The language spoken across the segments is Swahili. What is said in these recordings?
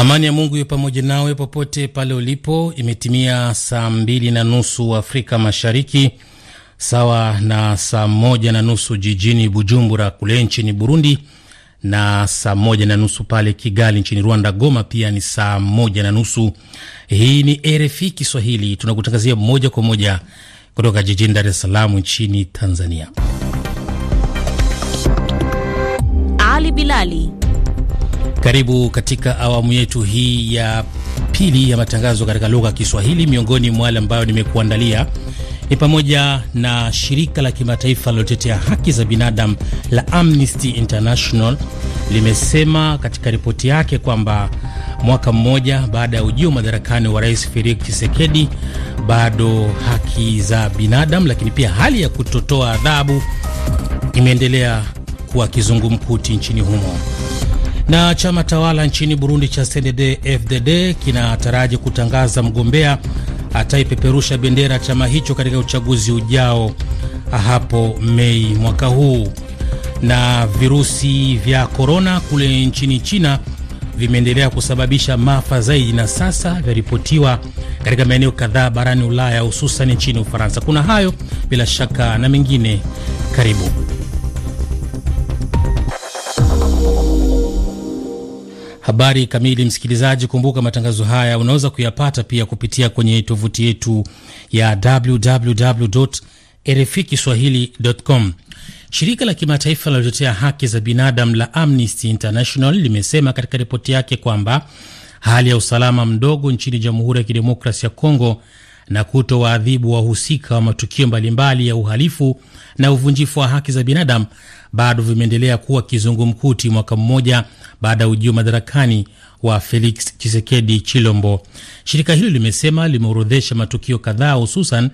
Amani ya Mungu iwe pamoja nawe popote pale ulipo. Imetimia saa mbili na nusu Afrika Mashariki, sawa na saa moja na nusu jijini Bujumbura kule nchini Burundi, na saa moja na nusu pale Kigali nchini Rwanda. Goma pia ni saa moja na nusu. Hii ni RFI Kiswahili, tunakutangazia moja kwa moja kutoka jijini Dar es Salaam nchini Tanzania. Ali Bilali karibu katika awamu yetu hii ya pili ya matangazo katika lugha ya Kiswahili. Miongoni mwa wale ambayo nimekuandalia ni pamoja na shirika la kimataifa linalotetea haki za binadamu la Amnesty International limesema katika ripoti yake kwamba mwaka mmoja baada ya ujio madarakani wa Rais Felix Tshisekedi, bado haki za binadamu lakini pia hali ya kutotoa adhabu imeendelea kuwa kizungumkuti nchini humo. Na chama tawala nchini Burundi cha CNDD-FDD kinataraji kutangaza mgombea ataipeperusha bendera ya chama hicho katika uchaguzi ujao hapo Mei mwaka huu. Na virusi vya korona kule nchini China vimeendelea kusababisha maafa zaidi, na sasa vyaripotiwa katika maeneo kadhaa barani Ulaya, hususan nchini Ufaransa. Kuna hayo bila shaka na mengine, karibu Habari kamili, msikilizaji, kumbuka matangazo haya unaweza kuyapata pia kupitia kwenye tovuti yetu ya www Kiswahili.com. Shirika la kimataifa linalotetea haki za binadamu la Amnesty International limesema katika ripoti yake kwamba hali ya usalama mdogo nchini Jamhuri ya Kidemokrasia ya Kongo na kuto waadhibu wahusika wa matukio mbalimbali ya uhalifu na uvunjifu wa haki za binadamu bado vimeendelea kuwa kizungumkuti mwaka mmoja baada ya ujio madarakani wa Felix Chisekedi Chilombo. Shirika hilo limesema limeorodhesha matukio kadhaa, hususan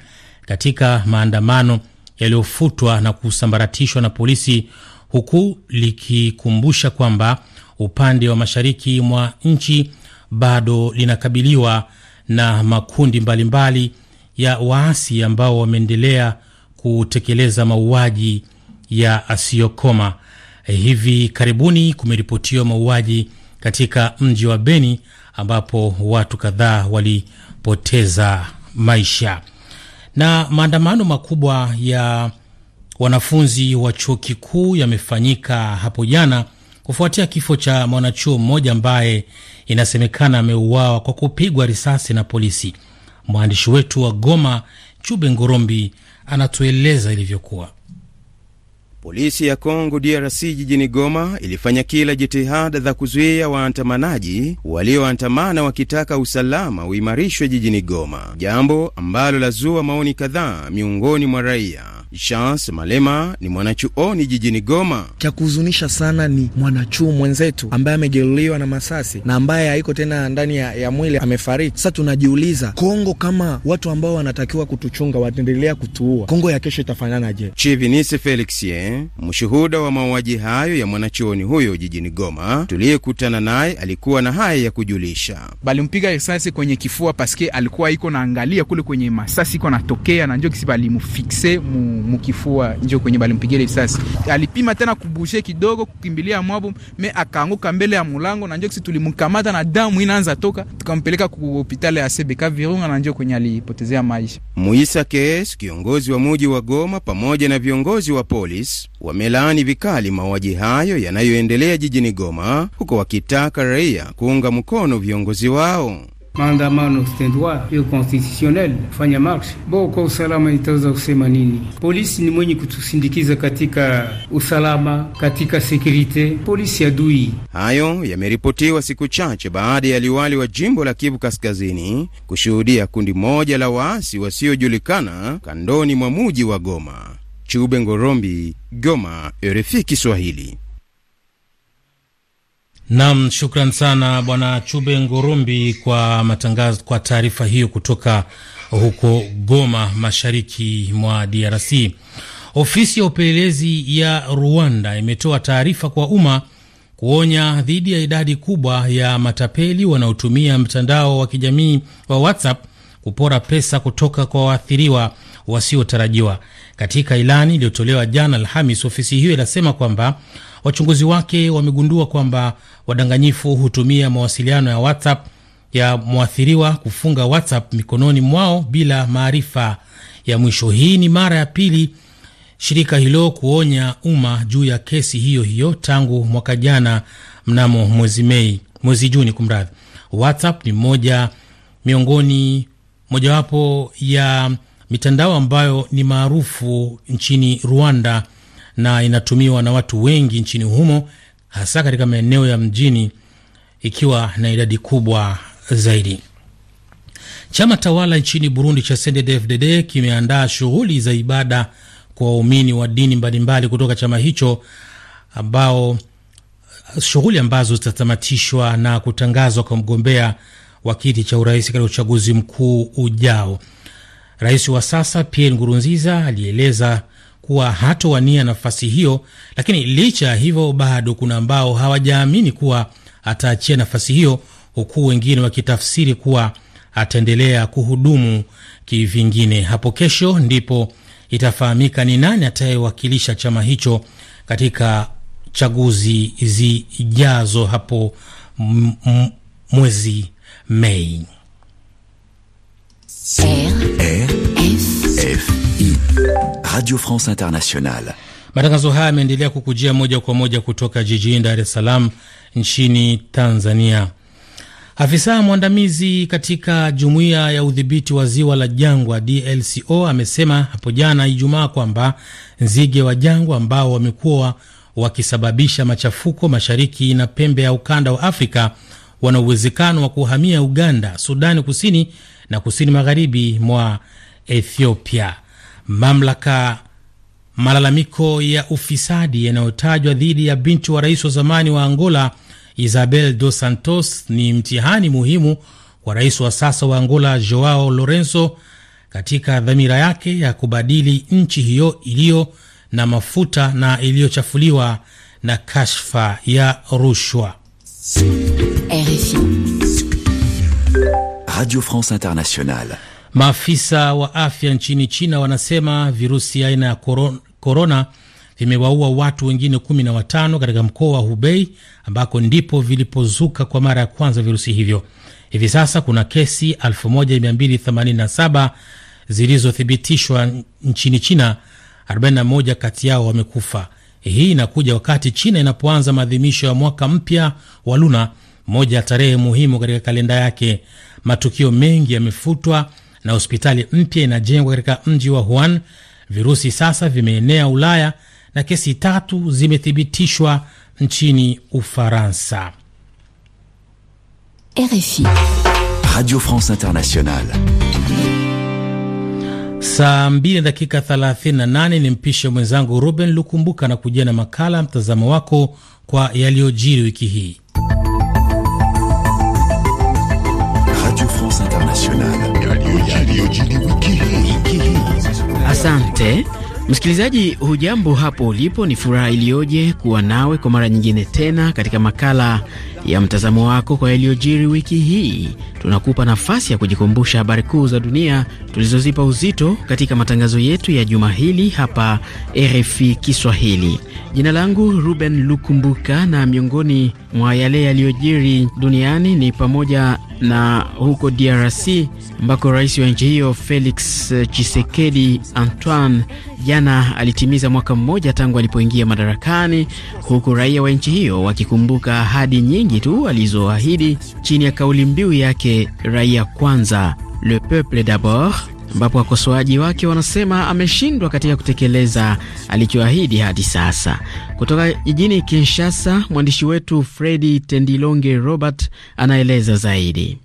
katika maandamano yaliyofutwa na kusambaratishwa na polisi, huku likikumbusha kwamba upande wa mashariki mwa nchi bado linakabiliwa na makundi mbalimbali mbali ya waasi ambao wameendelea kutekeleza mauaji ya asiyokoma. Eh, hivi karibuni kumeripotiwa mauaji katika mji wa Beni ambapo watu kadhaa walipoteza maisha. Na maandamano makubwa ya wanafunzi wa chuo kikuu yamefanyika hapo jana kufuatia kifo cha mwanachuo mmoja ambaye inasemekana ameuawa kwa kupigwa risasi na polisi. Mwandishi wetu wa Goma, Chube Ngorombi, anatueleza ilivyokuwa. Polisi ya Kongo DRC jijini Goma ilifanya kila jitihada za kuzuia waandamanaji walioandamana wakitaka usalama uimarishwe jijini Goma, jambo ambalo lazua maoni kadhaa miongoni mwa raia. Chance Malema ni mwanachuoni jijini Goma. Cha kuhuzunisha sana ni mwanachuo mwenzetu ambaye amejeruliwa na masasi na ambaye haiko tena ndani ya, ya mwili amefariki. Sasa tunajiuliza Kongo, kama watu ambao wanatakiwa kutuchunga wataendelea kutuua, Kongo ya kesho itafananaje? Chivinisi mshuhuda wa mauaji hayo ya mwanachuoni huyo jijini Goma tuliyekutana naye alikuwa na haya ya kujulisha. Balimpiga risasi kwenye kifua paske alikuwa iko naangalia kule kwenye masasi iko natokea, na njo kisi balimufikse mukifua, njo kwenye balimpigia risasi. Alipima tena kubushe kidogo kukimbilia mwabu me akaanguka mbele ya mulango, na njo kisi tulimkamata na damu inaanza toka, tukampeleka ku hospitali ya CBK Virunga, na njo kwenye alipotezea maisha. Muisa Kes, kiongozi wa muji wa Goma, pamoja na viongozi wa polisi wamelaani vikali mauaji hayo yanayoendelea jijini Goma, huko wakitaka raia kuunga mkono viongozi wao. Maandamano stendwa yo constitutionnel kufanya march bo kwa usalama, itaweza kusema nini? Polisi ni mwenye kutusindikiza katika usalama, katika sekurite, polisi adui. Hayo yameripotiwa siku chache baada ya liwali wa jimbo la Kivu Kaskazini kushuhudia kundi moja la waasi wasiojulikana kandoni mwa muji wa Goma. Chube Ngorombi, Goma, RFI Kiswahili. Nam, shukran sana bwana Chube Ngorombi kwa matangazo, kwa taarifa hiyo kutoka huko Goma, mashariki mwa DRC. Ofisi ya upelelezi ya Rwanda imetoa taarifa kwa umma kuonya dhidi ya idadi kubwa ya matapeli wanaotumia mtandao wa kijamii wa WhatsApp kupora pesa kutoka kwa waathiriwa wasiotarajiwa. Katika ilani iliyotolewa jana Alhamis, ofisi hiyo inasema kwamba wachunguzi wake wamegundua kwamba wadanganyifu hutumia mawasiliano ya WhatsApp ya mwathiriwa kufunga WhatsApp mikononi mwao bila maarifa ya mwisho. Hii ni mara ya pili shirika hilo kuonya umma juu ya kesi hiyo hiyo tangu mwaka jana mnamo mwezi Mei, mwezi Juni kumradhi. WhatsApp ni moja miongoni mojawapo ya mitandao ambayo ni maarufu nchini Rwanda na inatumiwa na watu wengi nchini humo, hasa katika maeneo ya mjini, ikiwa na idadi kubwa zaidi. Chama tawala nchini Burundi cha CNDD-FDD kimeandaa shughuli za ibada kwa waumini wa dini mbalimbali kutoka chama hicho ambao shughuli ambazo zitatamatishwa na kutangazwa kwa mgombea wa kiti cha urais katika uchaguzi mkuu ujao. Rais wa sasa Pierre Ngurunziza alieleza kuwa hatowania nafasi hiyo, lakini licha ya hivyo bado kuna ambao hawajaamini kuwa ataachia nafasi hiyo, huku wengine wakitafsiri kuwa ataendelea kuhudumu kivingine. Hapo kesho ndipo itafahamika ni nani atayewakilisha chama hicho katika chaguzi zijazo hapo mwezi Mei. I Radio France Internationale. Matangazo haya yameendelea kukujia moja kwa moja kutoka jijini Dar es Salaam nchini Tanzania. Afisa mwandamizi katika jumuiya ya udhibiti wa ziwa la jangwa DLCO amesema hapo jana Ijumaa kwamba nzige wa jangwa ambao wamekuwa wakisababisha machafuko mashariki na pembe ya ukanda wa Afrika wana uwezekano wa kuhamia Uganda, Sudani Kusini na kusini magharibi mwa Ethiopia. Mamlaka malalamiko ya ufisadi yanayotajwa dhidi ya binti wa rais wa zamani wa Angola Isabel Dos Santos ni mtihani muhimu kwa rais wa sasa wa Angola Joao Lorenzo katika dhamira yake ya kubadili nchi hiyo iliyo na mafuta na iliyochafuliwa na kashfa ya rushwa. RFI. Radio France Internationale. Maafisa wa afya nchini China wanasema virusi aina ya korona vimewaua watu wengine 15 katika mkoa wa Hubei ambako ndipo vilipozuka kwa mara ya kwanza virusi hivyo. Hivi sasa kuna kesi 1287 zilizothibitishwa nchini China, 41 kati yao wamekufa. Hii inakuja wakati China inapoanza maadhimisho ya mwaka mpya wa Luna, moja ya tarehe muhimu katika kalenda yake matukio mengi yamefutwa na hospitali mpya inajengwa katika mji wa Wuhan. Virusi sasa vimeenea Ulaya na kesi tatu zimethibitishwa nchini Ufaransa. RFI, Radio France Internationale. Saa 2 dakika 38, ni mpishe mwenzangu Ruben Lukumbuka na kujia na makala mtazamo wako kwa yaliyojiri wiki hii. Asante msikilizaji, hujambo hapo ulipo? Ni furaha iliyoje kuwa nawe kwa mara nyingine tena katika makala ya mtazamo wako kwa yaliyojiri wiki hii. Tunakupa nafasi ya kujikumbusha habari kuu za dunia tulizozipa uzito katika matangazo yetu ya juma hili hapa RFI Kiswahili. Jina langu Ruben Lukumbuka, na miongoni mwa yale yaliyojiri duniani ni pamoja na huko DRC ambako rais wa nchi hiyo Felix chisekedi eh, Antoine jana alitimiza mwaka mmoja tangu alipoingia madarakani, huku raia wa nchi hiyo wakikumbuka ahadi nyingi tu alizoahidi chini ya kauli mbiu yake raia kwanza, le peuple d'abord, ambapo wakosoaji wake wanasema ameshindwa katika kutekeleza alichoahidi hadi sasa. Kutoka jijini Kinshasa, mwandishi wetu Fredi Tendilonge Robert anaeleza zaidi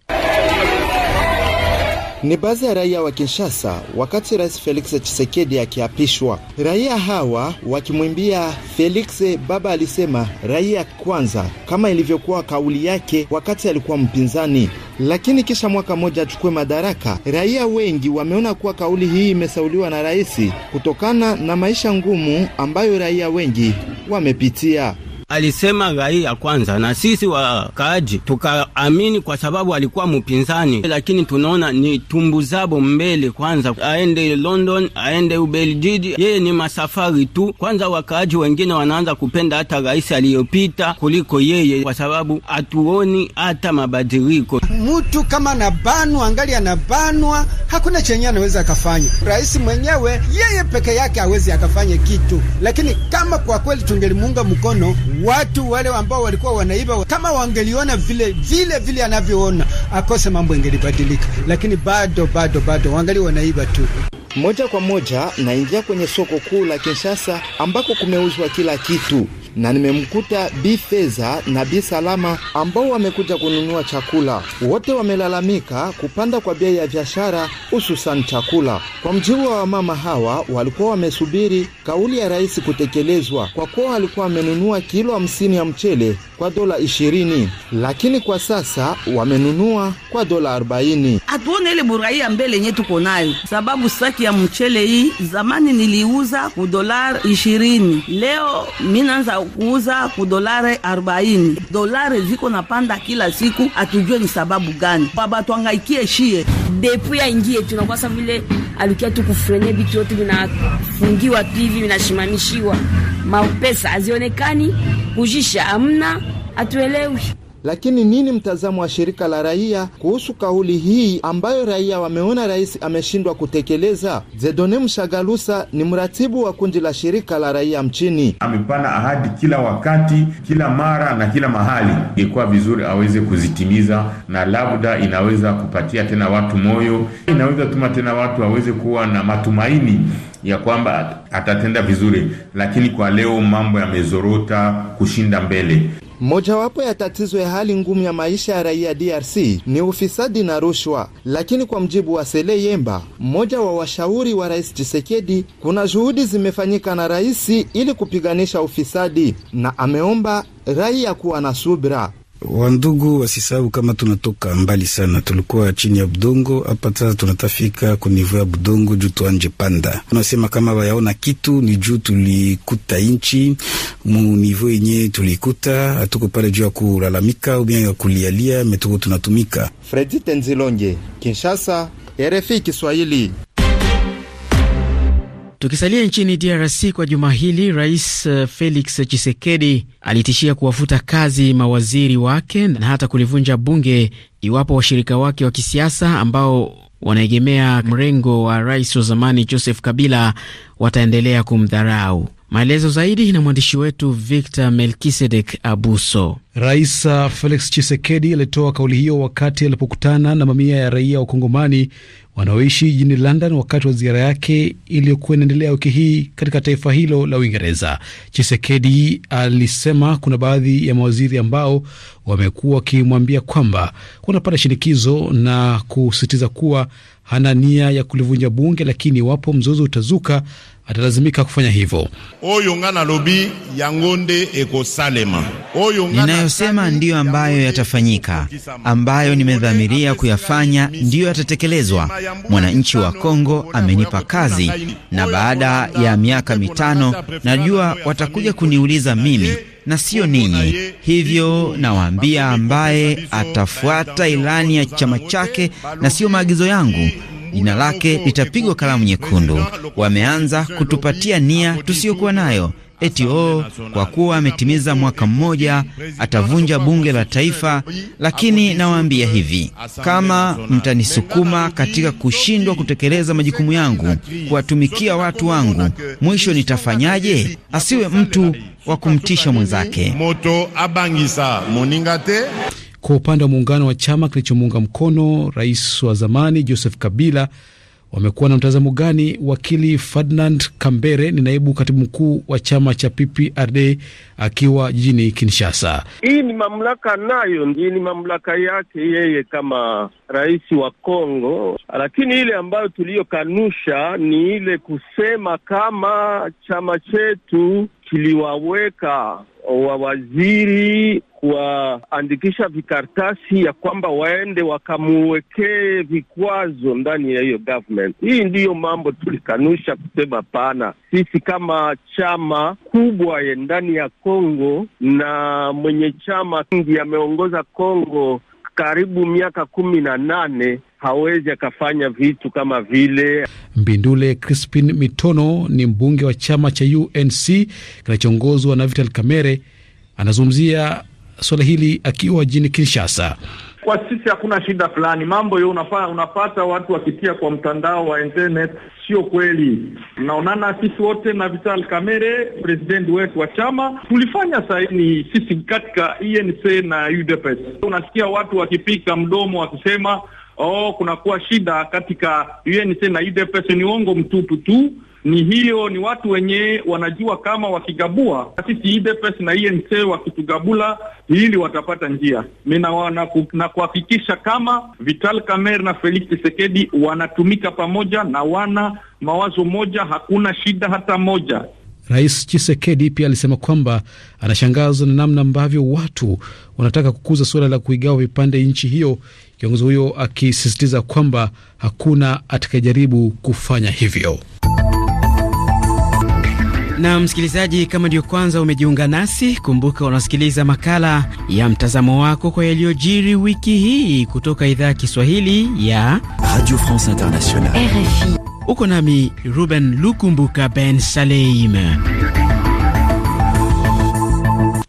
ni baadhi ya raia wa Kinshasa wakati Rais Felix chisekedi akiapishwa. Raia hawa wakimwimbia Felix. Baba alisema raia kwanza, kama ilivyokuwa kauli yake wakati alikuwa mpinzani, lakini kisha mwaka mmoja achukue madaraka. Raia wengi wameona kuwa kauli hii imesauliwa na rais kutokana na maisha ngumu ambayo raia wengi wamepitia alisema rai ya kwanza, na sisi wakaaji tukaamini, kwa sababu alikuwa mpinzani, lakini tunaona ni tumbu zabo mbele kwanza, aende London, aende Ubeljiji, yeye ni masafari tu. Kwanza wakaaji wengine wanaanza kupenda hata rais aliyopita kuliko yeye, kwa sababu hatuoni hata mabadiliko. Mtu kama nabanwa angali anabanwa, hakuna chenye anaweza akafanya. Rais mwenyewe yeye peke yake hawezi akafanya kitu, lakini kama kwa kweli tungelimuunga mkono watu wale ambao walikuwa wanaiba, kama wangeliona vile vile vile anavyoona akose, mambo ingelibadilika, lakini bado bado bado wangali wanaiba tu. Moja kwa moja naingia kwenye soko kuu la Kinshasa ambako kumeuzwa kila kitu na nimemkuta Bi Feza na Bi Salama ambao wamekuja kununua chakula. Wote wamelalamika kupanda kwa bei ya biashara, hususan chakula. Kwa mjibu wa wamama hawa, walikuwa wamesubiri kauli ya rais kutekelezwa, kwa kuwa walikuwa wamenunua kilo hamsini ya mchele kwa dola ishirini, lakini kwa sasa wamenunua kwa dola arobaini. Hatuone ile burahi ya mbele yenye tuko nayo, sababu saki ya mchele hii zamani niliuza ku dolari ishirini, leo naanza kuuza ku dolari arobaini. Dolari ziko napanda kila siku, hatujue ni sababu gani. Baba tuangaikie shie depu yaingie ingie tunakwasa vile alukia tu kufrene vitu yote vinafungiwa tu hivi vinashimamishiwa, mapesa hazionekani, kujisha amna hatuelewi. Lakini nini mtazamo wa shirika la raia kuhusu kauli hii ambayo raia wameona rais ameshindwa kutekeleza? Zedone Mshagalusa ni mratibu wa kundi la shirika la raia mchini. Amepana ahadi kila wakati, kila mara na kila mahali, ingekuwa vizuri aweze kuzitimiza, na labda inaweza kupatia tena watu moyo, inaweza tuma tena watu waweze kuwa na matumaini ya kwamba atatenda vizuri, lakini kwa leo mambo yamezorota kushinda mbele. Mojawapo ya tatizo ya hali ngumu ya maisha ya raia DRC ni ufisadi na rushwa, lakini kwa mjibu wa Sele Yemba, mmoja wa washauri wa Rais Tshisekedi, kuna juhudi zimefanyika na rais ili kupiganisha ufisadi, na ameomba raia kuwa na subira. Wandugu, wasisahau kama tunatoka mbali sana, tulikuwa chini ya budongo, hapa sasa tunatafika kunivu ya budongo juu tuanje panda. Unasema kama wayaona kitu ni juu tulikuta inchi munivu yenye tulikuta, hatuko pale juu ya kulalamika ubia ya kulialia, metuko tunatumika. Fredi Tenzilonge, Kinshasa, RFI Kiswahili. Tukisalia nchini DRC kwa juma hili, Rais eh, Felix Tshisekedi alitishia kuwafuta kazi mawaziri wake na hata kulivunja bunge iwapo washirika wake wa kisiasa ambao wanaegemea mrengo wa rais wa zamani Joseph Kabila wataendelea kumdharau. Maelezo zaidi na mwandishi wetu Victor Melkisedek Abuso. Rais uh, Felix chisekedi alitoa kauli hiyo wakati alipokutana na mamia ya raia wa Kongomani wanaoishi jijini London wakati wa ziara yake iliyokuwa inaendelea wiki hii katika taifa hilo la Uingereza. Chisekedi alisema kuna baadhi ya mawaziri ambao wamekuwa wakimwambia kwamba wanapata shinikizo na kusisitiza kuwa hana nia ya kulivunja bunge, lakini iwapo mzozo utazuka atalazimika kufanya hivyo. Oyo nga yango nde ekosalema. Ninayosema ndiyo ambayo yatafanyika, ambayo nimedhamiria kuyafanya ndiyo yatatekelezwa. Mwananchi wa Kongo amenipa kazi, na baada ya miaka mitano najua watakuja kuniuliza mimi na sio ninyi. Hivyo nawaambia, ambaye atafuata ilani ya chama chake na sio maagizo yangu jina lake litapigwa kalamu nyekundu. Wameanza kutupatia nia tusiyokuwa nayo eti oh, kwa kuwa ametimiza mwaka mmoja atavunja bunge la taifa. Lakini nawaambia hivi, kama mtanisukuma katika kushindwa kutekeleza majukumu yangu, kuwatumikia watu wangu, mwisho nitafanyaje? Asiwe mtu wa kumtisha mwenzake. Kwa upande wa muungano wa chama kilichomuunga mkono rais wa zamani Joseph Kabila wamekuwa na mtazamo gani? Wakili Ferdinand Kambere ni naibu katibu mkuu wa chama cha PPRD akiwa jijini Kinshasa. Hii ni mamlaka nayo, ndiyo ni mamlaka yake yeye kama rais wa Kongo, lakini ile ambayo tuliyokanusha ni ile kusema kama chama chetu tuliwaweka wawaziri kuwaandikisha vikartasi ya kwamba waende wakamuwekee vikwazo ndani ya hiyo government. Hii ndiyo mambo tulikanusha kusema pana. Sisi kama chama kubwa ya ndani ya Kongo na mwenye chama ingi ameongoza Kongo karibu miaka kumi na nane hawezi akafanya vitu kama vile Mbindule Crispin Mitono ni mbunge wa chama cha UNC kinachoongozwa na Vital Kamere. Anazungumzia suala hili akiwa jini Kinshasa. Kwa sisi hakuna shida fulani, mambo hiyo unapa, unapata watu wakitia kwa mtandao wa internet, sio kweli. Naonana sisi wote na Vital Kamere, president wetu wa chama, tulifanya saini sisi katika INC e na UDPS. Unasikia watu wakipika mdomo wakisema oh, kunakuwa shida katika UNC na UDPS, ni uongo mtupu tu. Ni hiyo, ni watu wenye wanajua kama wakigabua sisi UDPS na UNC, wakitugabula hili watapata njia. Mimi na kuhakikisha kama Vital Kamer na Felix Tshisekedi wanatumika pamoja na wana mawazo moja, hakuna shida hata moja. Rais Chisekedi pia alisema kwamba anashangazwa na namna ambavyo watu wanataka kukuza suala la kuigawa vipande nchi hiyo kiongozi huyo akisisitiza kwamba hakuna atakayejaribu kufanya hivyo. Na msikilizaji, kama ndiyo kwanza umejiunga nasi, kumbuka unasikiliza makala ya mtazamo wako kwa yaliyojiri wiki hii kutoka idhaa ya Kiswahili ya Radio France Internationale, RFI. Uko nami Ruben Lukumbuka Ben Saleim.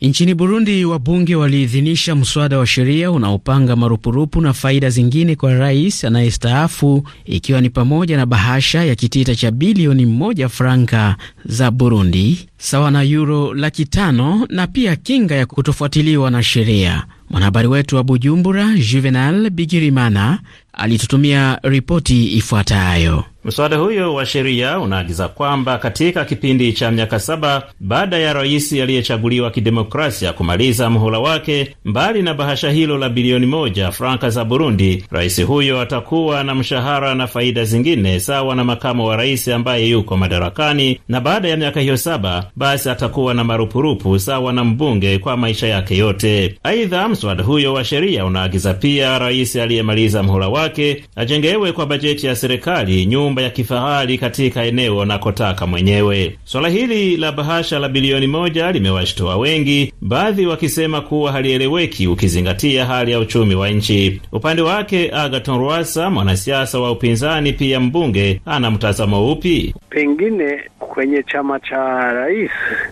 Nchini Burundi, wabunge waliidhinisha mswada wa sheria unaopanga marupurupu na faida zingine kwa rais anayestaafu ikiwa ni pamoja na bahasha ya kitita cha bilioni moja franka za Burundi sawa na yuro laki tano na pia kinga ya kutofuatiliwa na sheria. Mwanahabari wetu wa Bujumbura, Juvenal Bigirimana, alitutumia ripoti ifuatayo. Mswada huyo wa sheria unaagiza kwamba katika kipindi cha miaka saba baada ya rais aliyechaguliwa kidemokrasia kumaliza mhula wake, mbali na bahasha hilo la bilioni moja franka za Burundi, rais huyo atakuwa na mshahara na faida zingine sawa na makamu wa rais ambaye yuko madarakani, na baada ya miaka hiyo saba basi atakuwa na marupurupu sawa na mbunge kwa maisha yake yote. Aidha, mswada huyo wa sheria unaagiza pia rais aliyemaliza mhula wake ajengewe kwa bajeti ya serikali nyumba ya kifahari katika eneo anakotaka mwenyewe. Swala hili la bahasha la bilioni moja limewashtoa wengi, baadhi wakisema kuwa halieleweki ukizingatia hali ya uchumi wa nchi. Upande wake, Agaton Rwasa, mwanasiasa wa upinzani pia mbunge, ana mtazamo upi? Pengine kwenye chama cha rais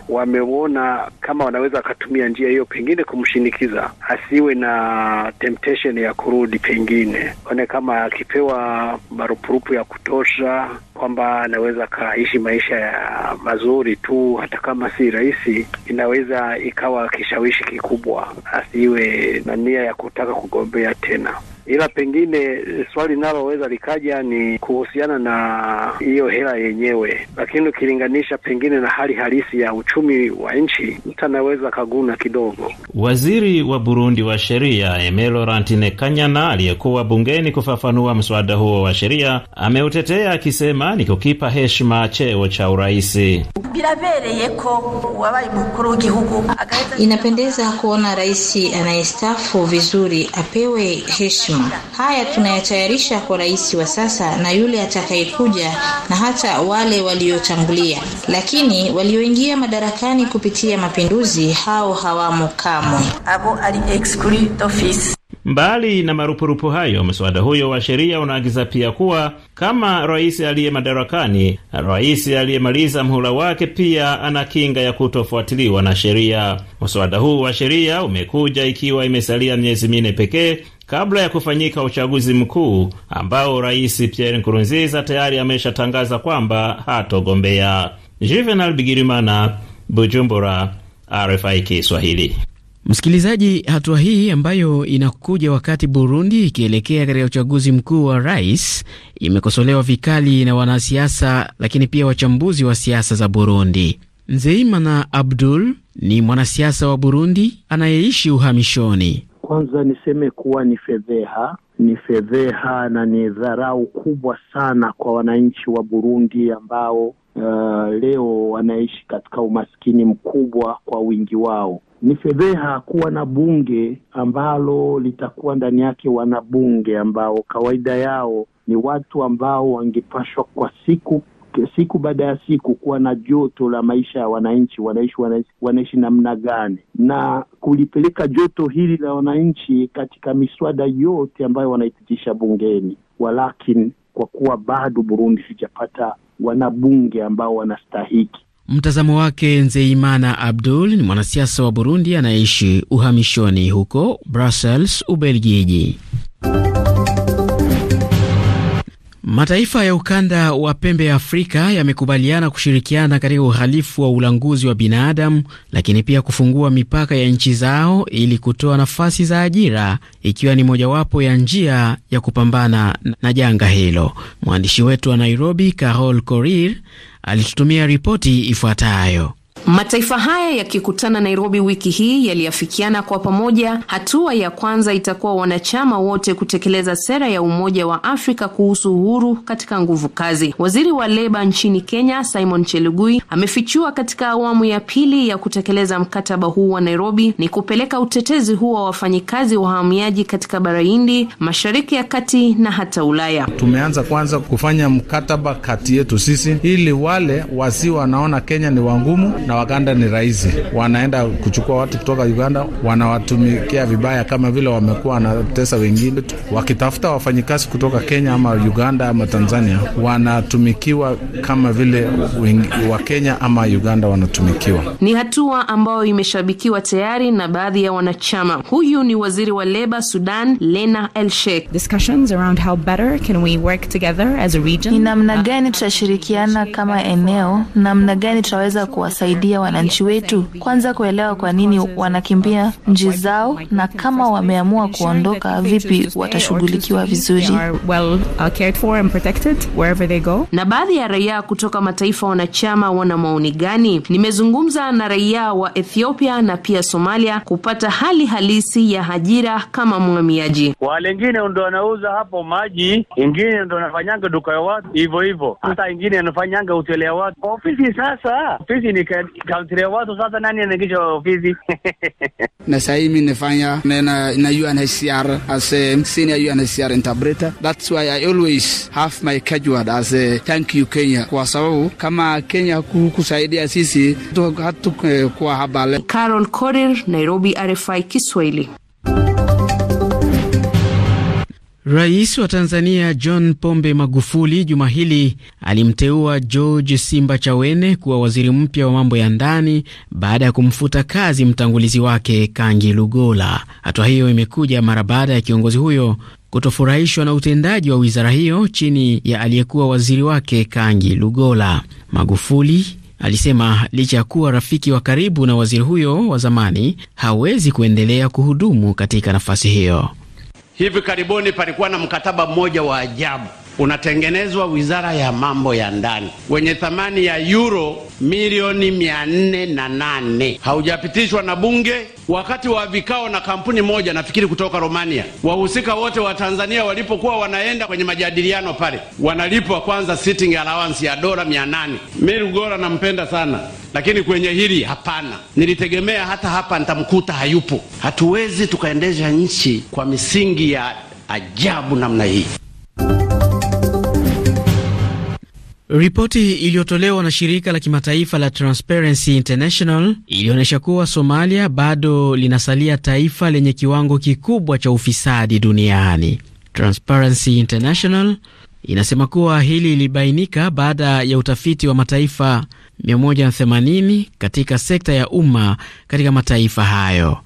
wamewona kama wanaweza wakatumia njia hiyo, pengine kumshinikiza asiwe na temptation ya kurudi, pengine one kama akipewa marupurupu ya kutosha kutosha kwamba anaweza akaishi maisha ya mazuri tu, hata kama si rahisi, inaweza ikawa kishawishi kikubwa asiwe na nia ya kutaka kugombea tena ila pengine eh, swali linaloweza likaja ni kuhusiana na hiyo hela yenyewe, lakini ukilinganisha pengine na hali halisi ya uchumi wa nchi, mtu anaweza kaguna kidogo. Waziri wa Burundi wa sheria Emelo Rantine Kanyana aliyekuwa bungeni kufafanua mswada huo wa sheria ameutetea akisema ni kukipa heshima cheo cha uraisi. Inapendeza kuona rais anayestafu vizuri apewe heshima mama. Haya tunayatayarisha kwa rais wa sasa na yule atakayekuja na hata wale waliotangulia, lakini walioingia madarakani kupitia mapinduzi, hao hawamo kamwe. Mbali na marupurupu hayo, mswada huyo wa sheria unaagiza pia kuwa kama rais aliye madarakani, rais aliyemaliza mhula wake pia ana kinga ya kutofuatiliwa na sheria. Mswada huu wa sheria umekuja ikiwa imesalia miezi minne pekee kabla ya kufanyika uchaguzi mkuu ambao Rais Pierre Nkurunziza tayari ameshatangaza kwamba hatogombea. Juvenal Bigirimana, Bujumbura, RFI Kiswahili. Msikilizaji, hatua hii ambayo inakuja wakati Burundi ikielekea katika uchaguzi mkuu wa rais imekosolewa vikali na wanasiasa, lakini pia wachambuzi wa siasa za Burundi. Nzeimana Abdul ni mwanasiasa wa Burundi anayeishi uhamishoni kwanza niseme kuwa ni fedheha, ni fedheha na ni dharau kubwa sana kwa wananchi wa Burundi ambao Uh, leo wanaishi katika umaskini mkubwa kwa wingi wao. Ni fedheha kuwa na bunge ambalo litakuwa ndani yake wanabunge ambao kawaida yao ni watu ambao wangepashwa kwa siku siku baada ya siku kuwa na joto la maisha ya wananchi, wanaishi wanaishi namna gani, na kulipeleka joto hili la wananchi katika miswada yote ambayo wanaipitisha bungeni. Walakini, kwa kuwa bado Burundi sijapata wanabunge ambao wanastahiki Mtazamo wake Nzeimana Abdul ni mwanasiasa wa Burundi anayeishi uhamishoni huko Brussels, Ubelgiji. Mataifa ya ukanda wa pembe ya Afrika yamekubaliana kushirikiana katika uhalifu wa ulanguzi wa binadamu, lakini pia kufungua mipaka ya nchi zao ili kutoa nafasi za ajira, ikiwa ni mojawapo ya njia ya kupambana na janga hilo. Mwandishi wetu wa Nairobi, Carol Korir, alitutumia ripoti ifuatayo. Mataifa haya yakikutana Nairobi wiki hii yaliafikiana kwa pamoja, hatua ya kwanza itakuwa wanachama wote kutekeleza sera ya Umoja wa Afrika kuhusu uhuru katika nguvu kazi. Waziri wa leba nchini Kenya Simon Chelugui amefichua katika awamu ya pili ya kutekeleza mkataba huu wa Nairobi ni kupeleka utetezi huo wa wafanyikazi wahamiaji katika bara Hindi, Mashariki ya Kati na hata Ulaya. Tumeanza kwanza kufanya mkataba kati yetu sisi, ili wale wasi wanaona Kenya ni wangumu na Waganda ni rahisi, wanaenda kuchukua watu kutoka Uganda, wanawatumikia vibaya, kama vile wamekuwa wanatesa wengine. Wakitafuta wafanyikazi kutoka Kenya ama Uganda ama Tanzania, wanatumikiwa kama vile wa Kenya ama Uganda wanatumikiwa. Ni hatua ambayo imeshabikiwa tayari na baadhi ya wanachama. Huyu ni waziri wa leba Sudan, Lena El Sheikh. Discussions around how better can we work together as a region. Ni namna gani tutashirikiana kama eneo, namna gani tutaweza kuwasaidia kusaidia wananchi wetu kwanza kuelewa kwa nini wanakimbia nchi zao, na kama wameamua kuondoka, vipi watashughulikiwa vizuri. Uh, na baadhi ya raia kutoka mataifa wanachama wana maoni gani? Nimezungumza na raia wa Ethiopia na pia Somalia kupata hali halisi ya ajira kama mhamiaji. Wale ingine ndo wanauza hapo maji, ingine ndo anafanyanga duka ya watu hivyo hivyo, hata ingine anafanyanga hoteli ya watu. Ofisi sasa, ofisi ni kauntilia watu sasa, nani anaingisha ofisi? na sasa mimi nafanya na na UNHCR as a senior UNHCR interpreter, that's why I always have my kajwa as a thank you Kenya, kwa sababu kama Kenya kukusaidia sisi hatu eh, kwa habari. Carol Korir, Nairobi, RFI Kiswahili. Rais wa Tanzania John Pombe Magufuli juma hili alimteua George Simba Chawene kuwa waziri mpya wa mambo ya ndani baada ya kumfuta kazi mtangulizi wake Kangi Lugola. Hatua hiyo imekuja mara baada ya kiongozi huyo kutofurahishwa na utendaji wa wizara hiyo chini ya aliyekuwa waziri wake Kangi Lugola. Magufuli alisema licha ya kuwa rafiki wa karibu na waziri huyo wa zamani, hawezi kuendelea kuhudumu katika nafasi hiyo. Hivi karibuni palikuwa na mkataba mmoja wa ajabu unatengenezwa wizara ya mambo ya ndani wenye thamani ya yuro milioni mia nne na nane haujapitishwa na bunge wakati wa vikao na kampuni moja nafikiri kutoka Romania. Wahusika wote wa Tanzania walipokuwa wanaenda kwenye majadiliano pale, wanalipwa kwanza sitting allowance ya dola mia nane. Mimi Lugora nampenda sana, lakini kwenye hili hapana. Nilitegemea hata hapa nitamkuta, hayupo. Hatuwezi tukaendesha nchi kwa misingi ya ajabu namna hii. Ripoti iliyotolewa na shirika la kimataifa la Transparency International ilionyesha kuwa Somalia bado linasalia taifa lenye kiwango kikubwa cha ufisadi duniani. Transparency International inasema kuwa hili ilibainika baada ya utafiti wa mataifa 180 katika sekta ya umma katika mataifa hayo.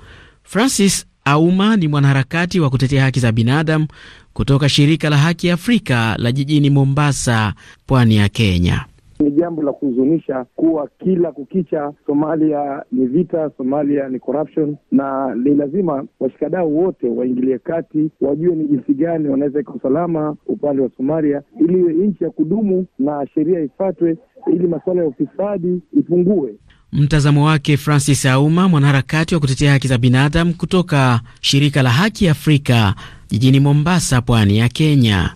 Francis Auma ni mwanaharakati wa kutetea haki za binadamu kutoka shirika la Haki Afrika la jijini Mombasa, pwani ya Kenya. Ni jambo la kuhuzunisha kuwa kila kukicha Somalia ni vita, Somalia ni corruption, na ni lazima washikadau wote waingilie kati, wajue ni jinsi gani wanaweza ika usalama upande wa Somalia ili iwe nchi ya kudumu na sheria ifuatwe ili masuala ya ufisadi ipungue. Mtazamo wake Francis Auma, mwanaharakati wa kutetea haki za binadamu kutoka shirika la Haki Afrika jijini Mombasa, pwani ya Kenya.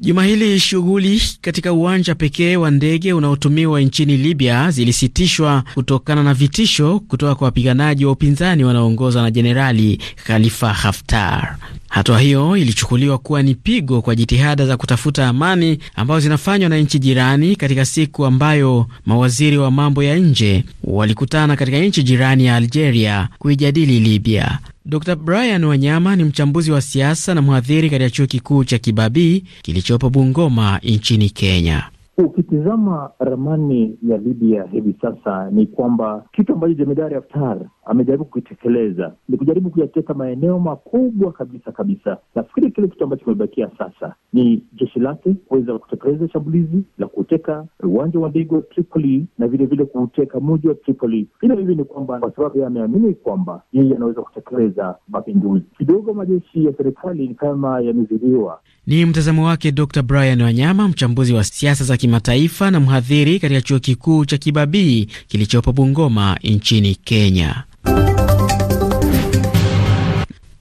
Juma hili shughuli katika uwanja pekee wa ndege unaotumiwa nchini Libya zilisitishwa kutokana na vitisho kutoka kwa wapiganaji wa upinzani wanaoongozwa na Jenerali Khalifa Haftar. Hatua hiyo ilichukuliwa kuwa ni pigo kwa jitihada za kutafuta amani ambazo zinafanywa na nchi jirani katika siku ambayo mawaziri wa mambo ya nje walikutana katika nchi jirani ya Algeria kuijadili Libya. Dr Brian Wanyama ni mchambuzi wa siasa na mhadhiri katika chuo kikuu cha Kibabii kilichopo Bungoma nchini Kenya. Ukitizama ramani ya Libya hivi sasa ni kwamba kitu ambacho Jemedari Haftar amejaribu kukitekeleza ni kujaribu kuyateka maeneo makubwa kabisa kabisa. Nafikiri kile kitu ambacho kimebakia sasa ni jeshi lake kuweza kutekeleza shambulizi la kuteka uwanja wa ndege wa Tripoli na vilevile kuuteka muji wa Tripoli. Ila hivi ni kwamba kwa sababu ameamini kwamba yeye anaweza kutekeleza mapinduzi, kidogo majeshi ya serikali ni kama yamezidiwa. Ni mtazamo wake Dr Brian Wanyama, mchambuzi wa siasa za kimataifa na mhadhiri katika chuo kikuu cha Kibabii kilichopo Bungoma nchini Kenya.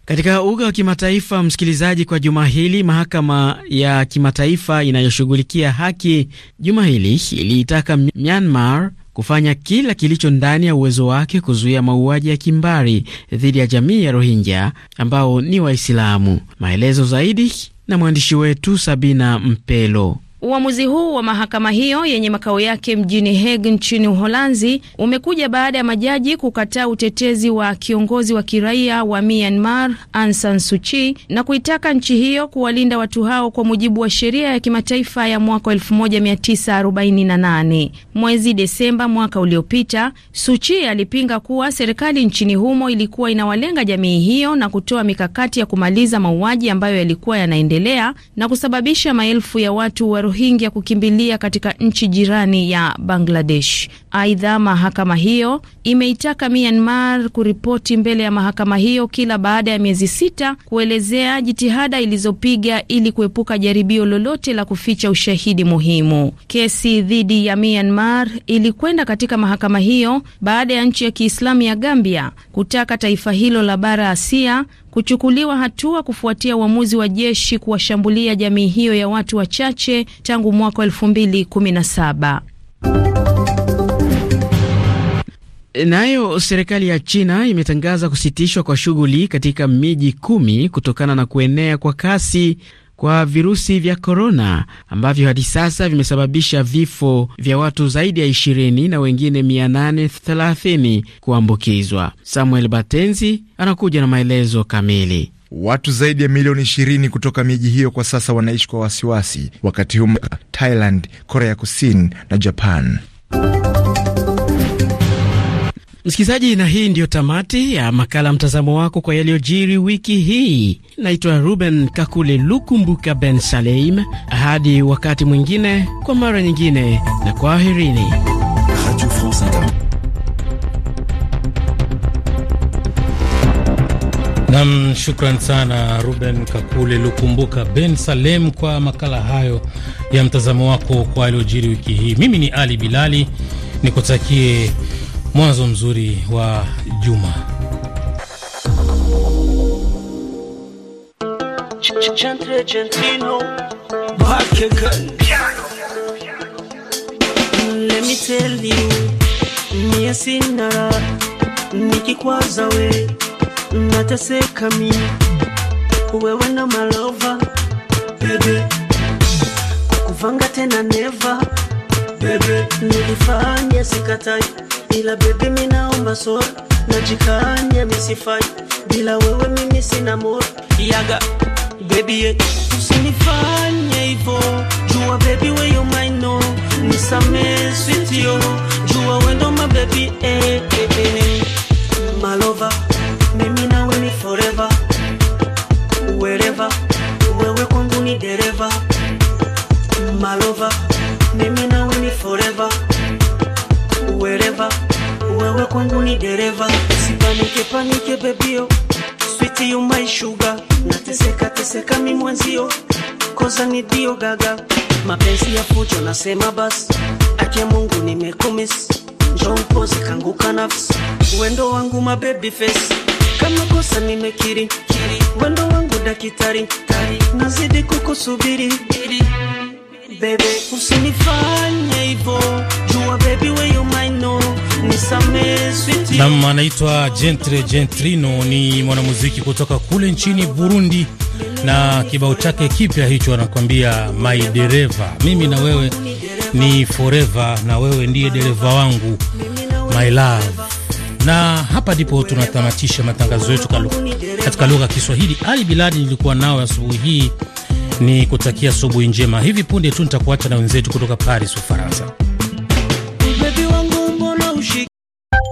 Katika uga wa kimataifa, msikilizaji, kwa juma hili mahakama ya kimataifa inayoshughulikia haki juma hili iliitaka Myanmar kufanya kila kilicho ndani ya uwezo wake kuzuia mauaji ya kimbari dhidi ya jamii ya Rohingya ambao ni Waislamu. Maelezo zaidi na mwandishi wetu Sabina Mpelo. Uamuzi huu wa mahakama hiyo yenye makao yake mjini Hague nchini Uholanzi umekuja baada ya majaji kukataa utetezi wa kiongozi wa kiraia wa Myanmar Aung San Suu Kyi na kuitaka nchi hiyo kuwalinda watu hao kwa mujibu wa sheria ya kimataifa ya mwaka 1948. Mwezi Desemba mwaka uliopita, Suu Kyi alipinga kuwa serikali nchini humo ilikuwa inawalenga jamii hiyo na kutoa mikakati ya kumaliza mauaji ambayo yalikuwa yanaendelea na kusababisha maelfu ya watu wa Rohingya kukimbilia katika nchi jirani ya Bangladesh. Aidha, mahakama hiyo imeitaka Myanmar kuripoti mbele ya mahakama hiyo kila baada ya miezi sita kuelezea jitihada ilizopiga ili kuepuka jaribio lolote la kuficha ushahidi muhimu. Kesi dhidi ya Myanmar ilikwenda katika mahakama hiyo baada ya nchi ya Kiislamu ya Gambia kutaka taifa hilo la bara Asia kuchukuliwa hatua kufuatia uamuzi wa jeshi kuwashambulia jamii hiyo ya watu wachache tangu mwaka 2017. Nayo serikali ya China imetangaza kusitishwa kwa shughuli katika miji kumi kutokana na kuenea kwa kasi kwa virusi vya korona ambavyo hadi sasa vimesababisha vifo vya watu zaidi ya 20 na wengine 830 kuambukizwa. Samuel Batenzi anakuja na maelezo kamili. Watu zaidi ya milioni 20 kutoka miji hiyo kwa sasa wanaishi kwa wasiwasi, wakati humo Thailand, Korea Kusini na Japan Msikilizaji, na hii ndiyo tamati ya makala mtazamo wako kwa yaliyojiri wiki hii. Naitwa Ruben Kakule Lukumbuka Ben Saleim. Hadi wakati mwingine, kwa mara nyingine, na kwaherini. Nam, shukran sana Ruben Kakule Lukumbuka Ben Salem kwa makala hayo ya mtazamo wako kwa aliojiri wiki hii. Mimi ni Ali Bilali nikutakie mwanzo mzuri wa juma. Mie sina raha nikikwaza, we nateseka mi, wewe na malova bebe, kukuvanga tena neva bebe, nilifanya sikatai ila baby mimi naomba sore, najikanya misifai bila wewe mimi sina moyo yaga baby eh. Usinifanye hivyo jua baby we you my no jua wendo my eh, eh, eh. My mimi nawe ni forever wherever wewe kwangu ni dereva malova mimi ni dereva, usipanike panike bebio, oh. sweet you my sugar, nateseka teseka mi mwanzio, koza ni dio gaga, mapenzi ya fujo nasema bas, akia Mungu nimekumiss, njoo mpozi kanguka nafsi, wendo wangu ma baby face, kama kosa nimekiri, wendo wangu dakitari, nazidi kukusubiri Bebe, usinifanye ivo, jua baby, where you might know Nam anaitwa Gentre Gentrino, ni mwanamuziki kutoka kule nchini Burundi, na kibao chake kipya hicho anakuambia my dereva, mimi na wewe ni forever, na wewe ndiye dereva wangu my love. Na hapa ndipo tunatamatisha matangazo yetu katika lugha ya Kiswahili. Ali Biladi nilikuwa nao asubuhi hii, ni kutakia asubuhi njema. Hivi punde tu nitakuacha na wenzetu kutoka Paris, Ufaransa.